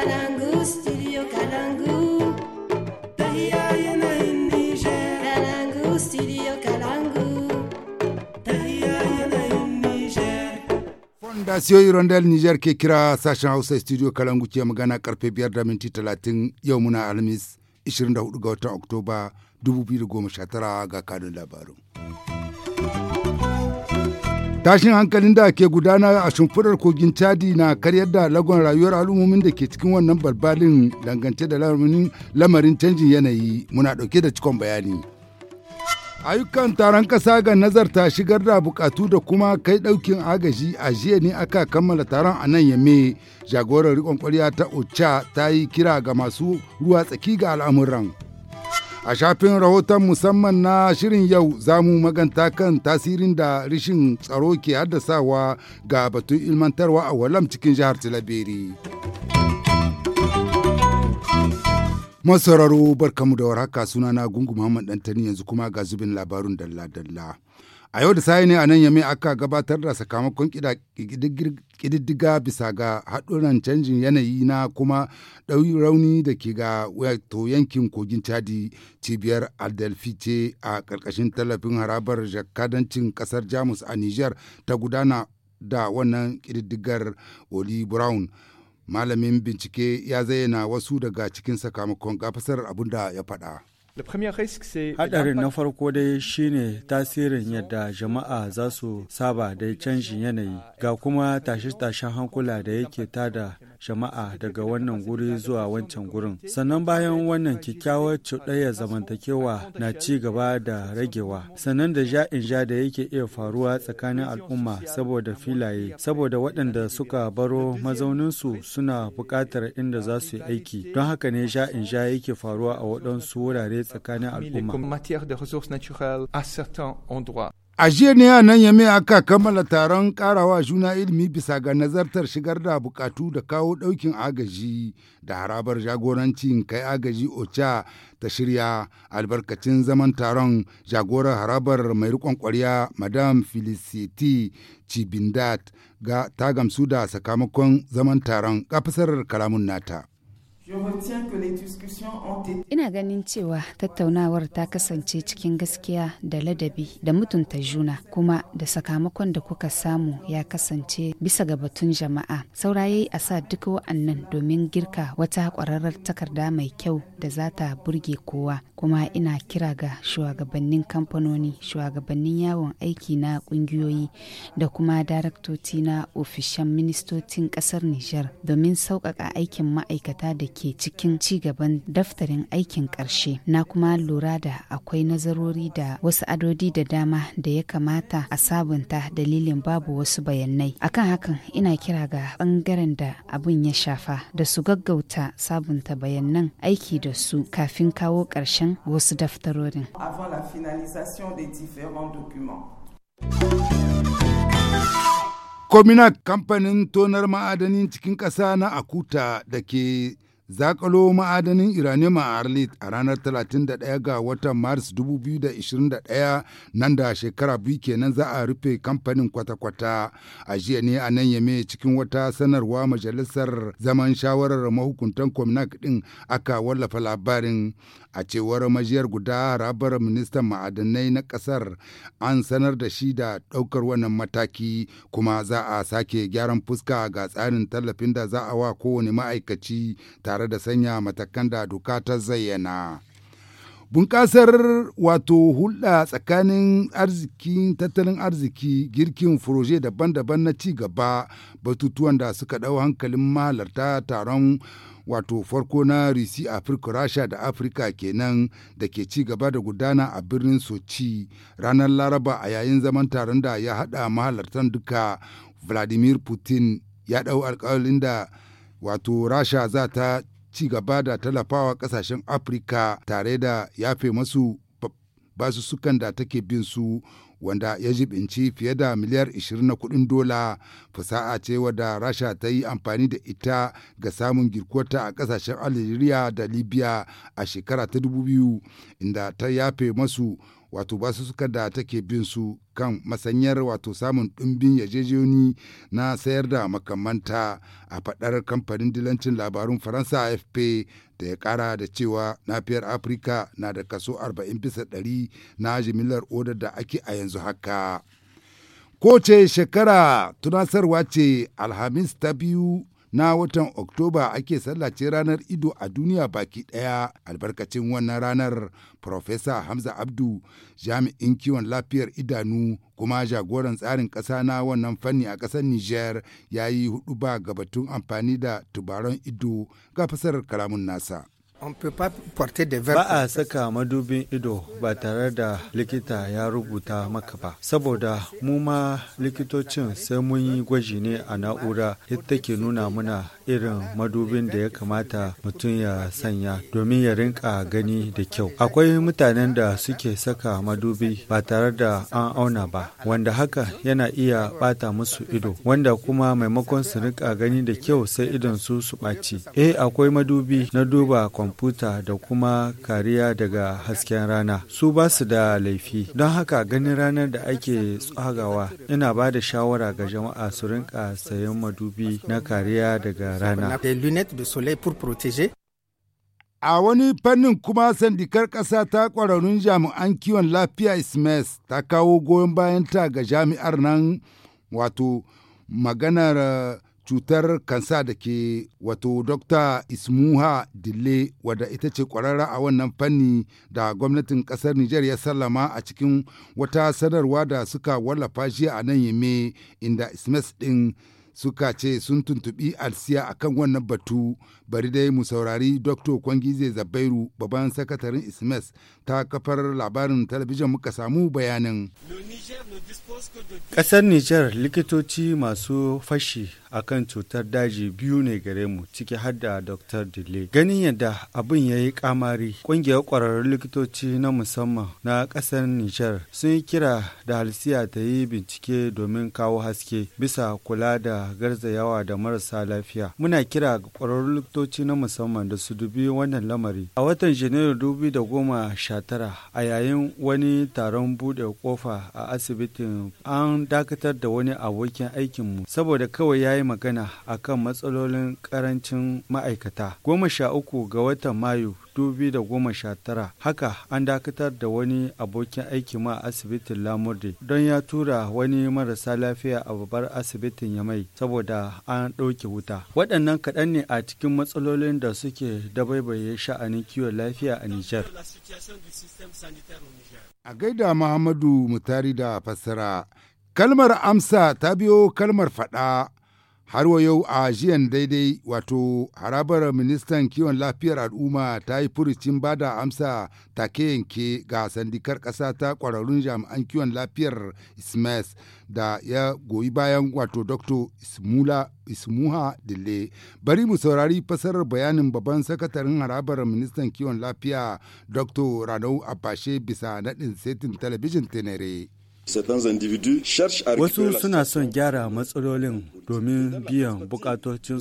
Kalangu, studio Niger. Fondation Niger ke kira sashen Hausa studio Kalangu ke magana karfe 5 da minti 30 yau muna Alhamis 24 ga watan Oktoba 2019 ga kadin labarin. tashin hankalin da ke gudana a shimfiɗar kogin chadi na karyar da lagon rayuwar al'ummomin da ke cikin wannan balbalin dangance da lamarin canjin yanayi muna dauke da cikon bayani ayyukan taron ƙasa ga nazarta shigar da bukatu da kuma kai ɗaukin agaji a jiya ne aka kammala taron a nan yamme jagorar riƙon kwariya ta ocha ta yi kira ga masu ruwa tsaki ga al'amuran. A shafin rahoton musamman na shirin yau za mu maganta kan tasirin da rishin tsaro ke haddasawa ga batun ilmantarwa a walam cikin jihar tilabiri masararo barkamu da warhaka na Gungu Muhammad Dantani yanzu kuma ga zubin labarun dalla-dalla. A yau da sai ne a nan yame aka gabatar da sakamakon kididdiga bisa ga haɗuran canjin yanayi na kuma ɗauyi rauni da ke ga wato yankin kogin Chadi cibiyar Adelfice a ƙarƙashin tallafin harabar jakadancin ƙasar Jamus a niger ta gudana da wannan ƙididdigar Oli Brown. Malamin bincike ya zayyana wasu daga cikin sakamakon gafasar abin da ya faɗa. Haɗarin na farko dai shine tasirin yadda jama'a za su saba da canjin yanayi ga kuma tashe-tashen hankula da yake tada jama'a daga wannan guri zuwa wancan gurin. Sannan bayan wannan kyakkyawar cuɗaya zamantakewa na ci gaba da ragewa. Sannan da ja'in ja da yake iya faruwa tsakanin al'umma saboda filaye, saboda waɗanda suka baro mazauninsu suna buƙatar inda za su yi aiki. Don haka ne ja'in ja yake faruwa a waɗansu wurare tsaye tsakanin al'umma. A jiya ne a nan yame aka kammala taron karawa juna ilimi bisa ga nazartar shigar da bukatu da kawo daukin agaji da harabar jagorancin kai agaji ocha ta shirya albarkacin zaman taron jagorar harabar mai rikon kwarya madam felicity cibindat ga ta gamsu da sakamakon zaman taron kafisar kalamun nata. Ina ganin cewa tattaunawar ta kasance cikin gaskiya da ladabi da mutunta juna kuma da sakamakon da kuka samu ya kasance bisa ga batun jama'a. saura yayi a sa duk wa'annan domin girka wata kwararar takarda mai kyau da za ta burge kowa kuma ina kira ga shugabannin kamfanoni, shugabannin yawon aiki na kungiyoyi da kuma daraktoci na ofishin ministocin kasar Nijar domin sauƙaƙa aikin ma'aikata da ke ke cikin ci gaban daftarin aikin ƙarshe na kuma lura da akwai nazarori da wasu adodi da dama da ya kamata a sabunta dalilin babu wasu bayanai akan hakan ina kira ga ɓangaren da abin ya shafa da su gaggauta sabunta bayanan aiki da su kafin kawo ƙarshen wasu daftarorin Kominak kamfanin tonar ma'adanin cikin ƙasa na Akuta da ke zakalo ma'adanin iranium a arlit a ranar 31 ga watan maris 2021 nan da shekara biyu kenan za a rufe kamfanin kwata-kwata a jiya ne a nan yame cikin wata sanarwa majalisar zaman shawarar mahukuntan comnac din aka wallafa labarin a cewar majiyar guda rabar ministan ma'adanai na kasar an sanar da shi da daukar wannan mataki kuma za a sake gyaran fuska ga tsarin tallafin da za a wa kowane ma'aikaci tare tare da sanya matakan da doka ta zayyana. bunƙasar wato hulɗa tsakanin arzikin tattalin arziki girkin furoje daban-daban na ci gaba batutuwan da suka ɗau hankalin mahalarta taron wato farko na risi afirka rasha da afirka kenan da ke ci gaba da gudana a birnin sochi ranar laraba a yayin zaman taron da ya haɗa mahalartan duka vladimir putin ya ɗau alƙawalin da wato rasha za ta ci gaba da tallafawa kasashen afirka tare da yafe masu sukan da take bin su wanda ya jibinci fiye da miliyar 20 na kudin dola fasaha ce wadda rasha ta yi amfani da ita ga samun girkuwarta a kasashen algeria da libya a shekara ta 2000 inda ta yafe masu wato ba su suka da take bin su kan masanyar wato samun ɗumbin yajejeni na sayar da makamanta a faɗar kamfanin dilancin labarun faransa afp da ya ƙara da cewa nafiyar afirka na da kaso 40 bisa ɗari na jimillar odar da ake a yanzu haka kowace shekara tunasarwa ce alhamis ta biyu na watan Oktoba ake sallace ranar ido a duniya baki ɗaya albarkacin wannan ranar Profesa Hamza Abdu jami'in kiwon lafiyar idanu kuma jagoran tsarin ƙasa na wannan fanni a ƙasar Nijar ya yi hudu ba gabatun amfani da tubaron ido ga fasar kalamun nasa. Ba a saka madubin ido ba tare da likita ya rubuta maka ba, saboda mu ma likitocin sai mun yi gwaji ne a na'ura yadda ke nuna muna irin madubin da ya kamata mutum ya sanya domin ya rinka gani da kyau. Akwai mutanen da suke saka madubi ba tare da an auna ba, wanda haka yana iya bata musu ido, wanda kuma maimakon su rinka gani da kyau sai idon su su ɓaci. Eh akwai madubi na duba kwamfuta da kuma kariya daga hasken rana su ba su da laifi don haka ganin ranar da ake tsagawa ina ba da shawara ga jama'a su rinka sayan madubi na kariya daga rana A wani fannin kuma sandikar ƙasa ta ƙwararrun jami'an kiwon lafiya ISMES ta kawo goyon bayanta ga jami'ar nan wato maganar cutar kansa da ke wato Dr. Ismuha Dille wadda ita ce kwararra a wannan fanni da gwamnatin kasar Nijar ya sallama a cikin wata sanarwa da suka wallafa jiya a nan yame inda Ismes ɗin suka ce sun tuntubi alsiya akan wannan batu bari dai mu saurari dr kwangize zabairu babban sakatarin ismes e ta kafar labarin talabijin muka samu bayanin kasar niger likitoci masu fashi akan cutar daji biyu ne gare mu ciki har da dr dile ganin yadda abin ya yi kamari ƙungiyar ƙwararrun likitoci na musamman na kasar niger sun yi kira da halsiya ta yi bincike domin kawo haske bisa kula da garza garzayawa da marasa lafiya. Muna kira ga kwararrun likitoci na musamman da su dubi wannan lamari. A watan Janairu dubi da goma sha tara a yayin wani taron bude kofa a asibitin an dakatar da wani abokin aikinmu saboda kawai ya yi magana akan matsalolin ƙarancin ma'aikata. Goma sha uku ga watan Mayu 2019 haka an dakatar da wani abokin aiki ma a asibitin lamurde don ya tura wani marasa lafiya a babbar asibitin yamai saboda an ɗauke wuta waɗannan kaɗan ne a cikin matsalolin da suke dabaibaye sha'anin kiwon lafiya a nijar a gaida muhammadu mutari da fassara kalmar amsa ta biyo kalmar faɗa har wa yau a jiyan daidai wato harabar ministan kiwon lafiyar al'umma ta yi furucin ba da amsa take yanke ga sandikar ƙasa ta ƙwararrun jami'an kiwon lafiyar smes da ya goyi bayan wato dr ismuha dille bari mu saurari fasarar bayanin babban sakataren harabar ministan kiwon lafiya dr ranau abashe bisa naɗin setin talabijin tenere. Wasu suna son gyara matsalolin domin biyan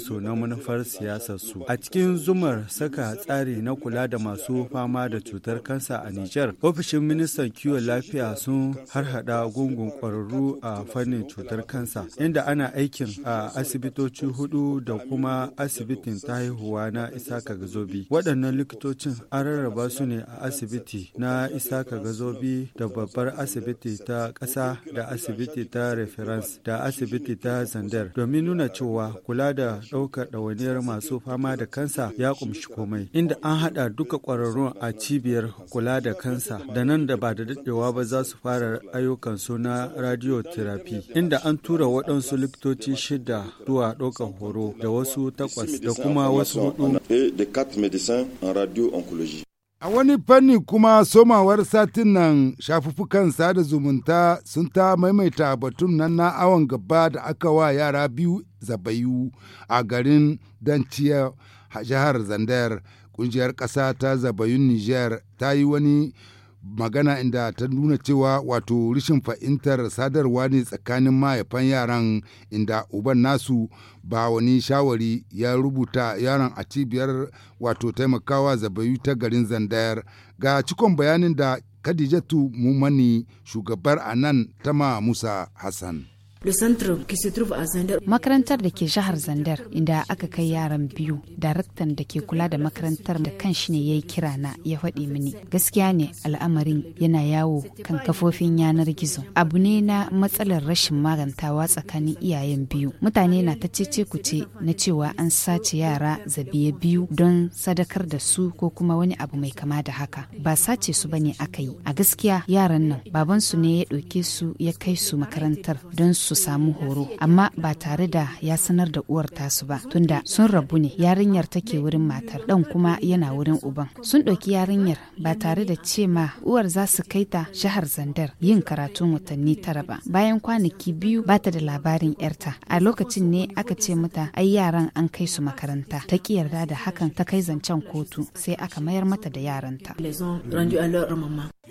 su na manufar siyasar su A cikin zumar saka tsari na kula da masu fama da cutar kansa a Nijar, ofishin ministan kiwon lafiya sun harhaɗa gungun ƙwararru a fannin cutar kansa, inda ana aikin a asibitoci hudu da kuma asibitin ta haihuwa na Isaka Gazobi. Waɗannan likitocin an rarraba su ne a asibiti na Isaka Gazobi da babbar asibiti ta ƙasa da asibiti ta reference da asibiti ta Zandar domin nuna cewa kula da ɗaukar ɗawainiyar masu fama da kansa ya ƙumshi komai inda an haɗa duka ƙwararrun a cibiyar kula da kansa da nan da ba da daɗewa ba za su fara ayyukan su na radiotherapy inda an tura waɗansu likitoci shida zuwa ɗaukar horo da wasu takwas da kuma wasu hudu A wani fanni kuma somawar satin nan shafuffukan sada zumunta sun ta maimaita batun nan na awon gaba da aka wa yara biyu zabayu a garin Danciya jihar Zandar. Kungiyar ƙasa ta zabayun Nijar ta yi wani magana inda ta nuna cewa wato rishin fahimtar sadarwa ne tsakanin mahaifan yaran inda uban nasu ba wani shawari ya rubuta yaran a cibiyar wato taimakawa zabayu ta garin zandayar ga cikon bayanin da khadijatu mumani shugabar anan ma musa hassan Makarantar da ke jihar Zandar inda aka kai yaran biyu, daraktan da ke kula da makarantar da kan shi ne ya yi kira na ya faɗi mini. Gaskiya ne al'amarin yana yawo kan kafofin yanar gizo. Abu ne na matsalar rashin magantawa tsakanin iyayen biyu. Mutane na ta cece ce na cewa an sace yara zabiye biyu don sadakar da su ko kuma wani abu mai kama da haka. Ba sace su bane aka yi. A gaskiya yaran nan babansu ne ya ɗauke su ya kai su makarantar don su su samu horo amma ba tare da ya sanar da uwar tasu ba tunda sun rabu ne yarinyar take wurin matar dan kuma yana wurin uban sun ɗauki yarinyar ba tare da ce ma uwar za su kai ta shahar zandar yin karatun watanni tara ba bayan kwanaki biyu ba ta da labarin yarta a lokacin ne aka ce mata ai yaran an kai su makaranta ta ki yarda da hakan ta kai zancen kotu sai aka mayar mata da yaranta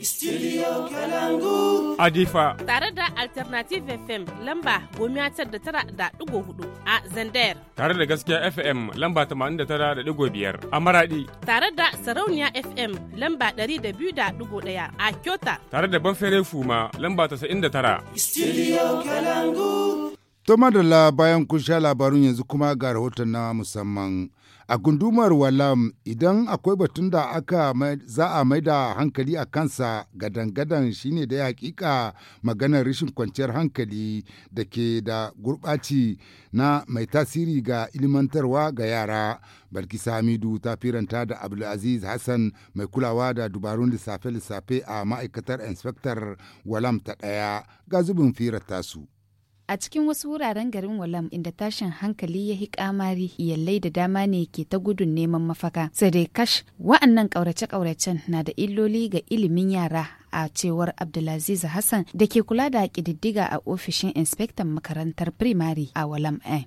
Studio Kalangu. Adifa. Tare da Alternative FM lamba gomiya tar da tara da ɗigo hudu a Zander. Tare da gaskiya FM lamba tamanin da tara da ɗigo biyar a Maradi. Tare da Sarauniya FM lamba ɗari da biyu da ɗigo ɗaya a Kyota. Tare da Banfere Fuma lamba tasa'in da tara. Studio Kalangu. To madalla bayan kun sha labarun yanzu kuma ga rahoton na musamman. A gundumar Walam idan akwai batun da aka za a maida hankali a kansa gadan-gadan shine da haƙiƙa maganar rashin kwanciyar hankali da ke da gurɓaci na mai tasiri ga ilimantarwa ga yara. Balki Hamidu ta firanta da Abdulaziz Hassan mai kulawa da dubarun lissafe-lissafe a ma'aikatar inspector Walam ta ɗaya ga zubin firar tasu. A cikin wasu wuraren garin Walam inda tashin hankali ya hi kamari iyalai da dama ne ke ta gudun neman mafaka. Sai kash wa'annan ƙaurace-ƙauracen na da illoli ga ilimin yara a cewar Abdulaziz Hassan da ke kula da ƙididdiga a ofishin inspektan makarantar firimare a Walam. Eh.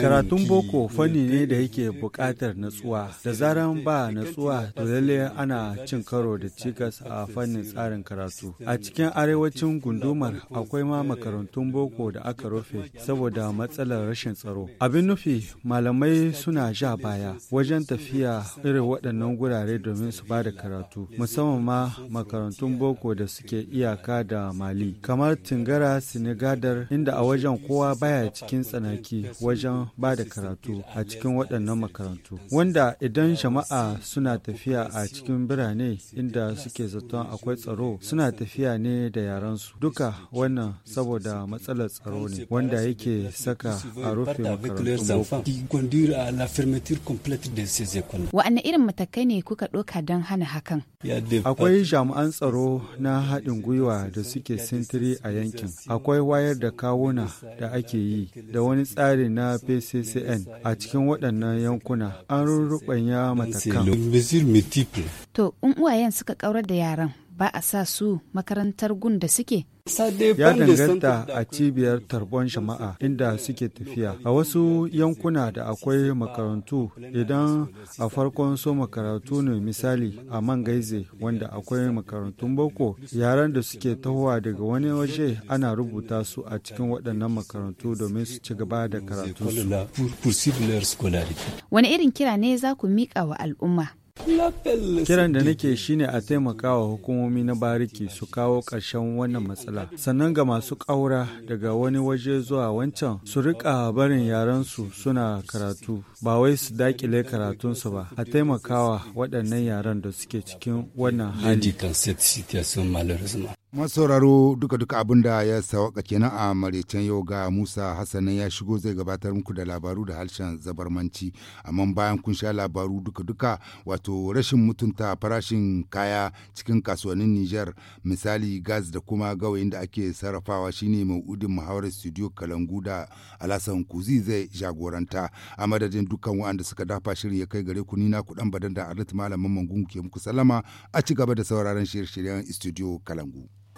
Karatun boko fanni ne da yake buƙatar natsuwa. Da zaran ba natsuwa to lalle ana cin karo da cikas a fannin tsarin karatu. A cikin arewacin gundumar akwai ma makarantun boko da aka rufe saboda matsalar rashin tsaro. Abin nufi malamai suna ja baya wajen tafiya irin waɗannan gurare domin su ba da karatu. Musamman ma makarantun boko da suke iyaka da Mali. Kamar Tingara Sinigadar inda a wajen kowa baya cikin tsanaki wajen ba da karatu a cikin waɗannan makarantu wanda idan jama'a suna tafiya a cikin birane inda suke zaton akwai tsaro suna tafiya ne da yaransu duka wannan saboda matsalar tsaro ne wanda yake saka a rufe makarantu. wa'anne irin matakai ne kuka ɗauka don hana hakan akwai jami'an tsaro na haɗin gwiwa da suke sintiri a yankin akwai wayar da kawuna da ake ake yi da wani tsari na PCCN a cikin waɗannan yankuna an rurrubanya matakan. To, in uwayen suka kaurar da yaran ba a sa su makarantar gun da suke? Ya danganta a cibiyar tarbon jama'a inda suke tafiya. A wasu yankuna da akwai makarantu idan a farkon so makarantu ne misali a man gaize wanda akwai makarantun boko yaran da suke tahowa daga wani waje ana rubuta su a cikin waɗannan makarantu domin su ci gaba da karatunsu. Wani irin kira ne za ku miƙa wa al'umma? Kiran da nake shine a taimaka wa hukumomi na bariki su kawo ƙarshen wannan matsala. Sannan ga masu ƙaura daga wani waje zuwa wancan su riƙa barin su suna karatu ba wai su dakile karatunsu ba a taimakawa waɗannan yaran da suke cikin wannan hali. masauraro duka-duka abin da ya sawaka kenan a maraicen yau ga musa hassanin ya shigo zai gabatar muku da labaru da harshen zabarmanci amma bayan kun sha labaru duka-duka wato rashin mutunta farashin kaya cikin kasuwannin niger misali gas da kuma gawayin da ake sarrafawa shine udin muhawarar studio kalangu da alasan kuzi zai jagoranta a madadin dukkan waɗanda suka dafa shirin ya kai gare ku nina kuɗan badan da arit malamin mangungu ke muku salama a ci gaba da sauraron shirye-shiryen studio kalangu.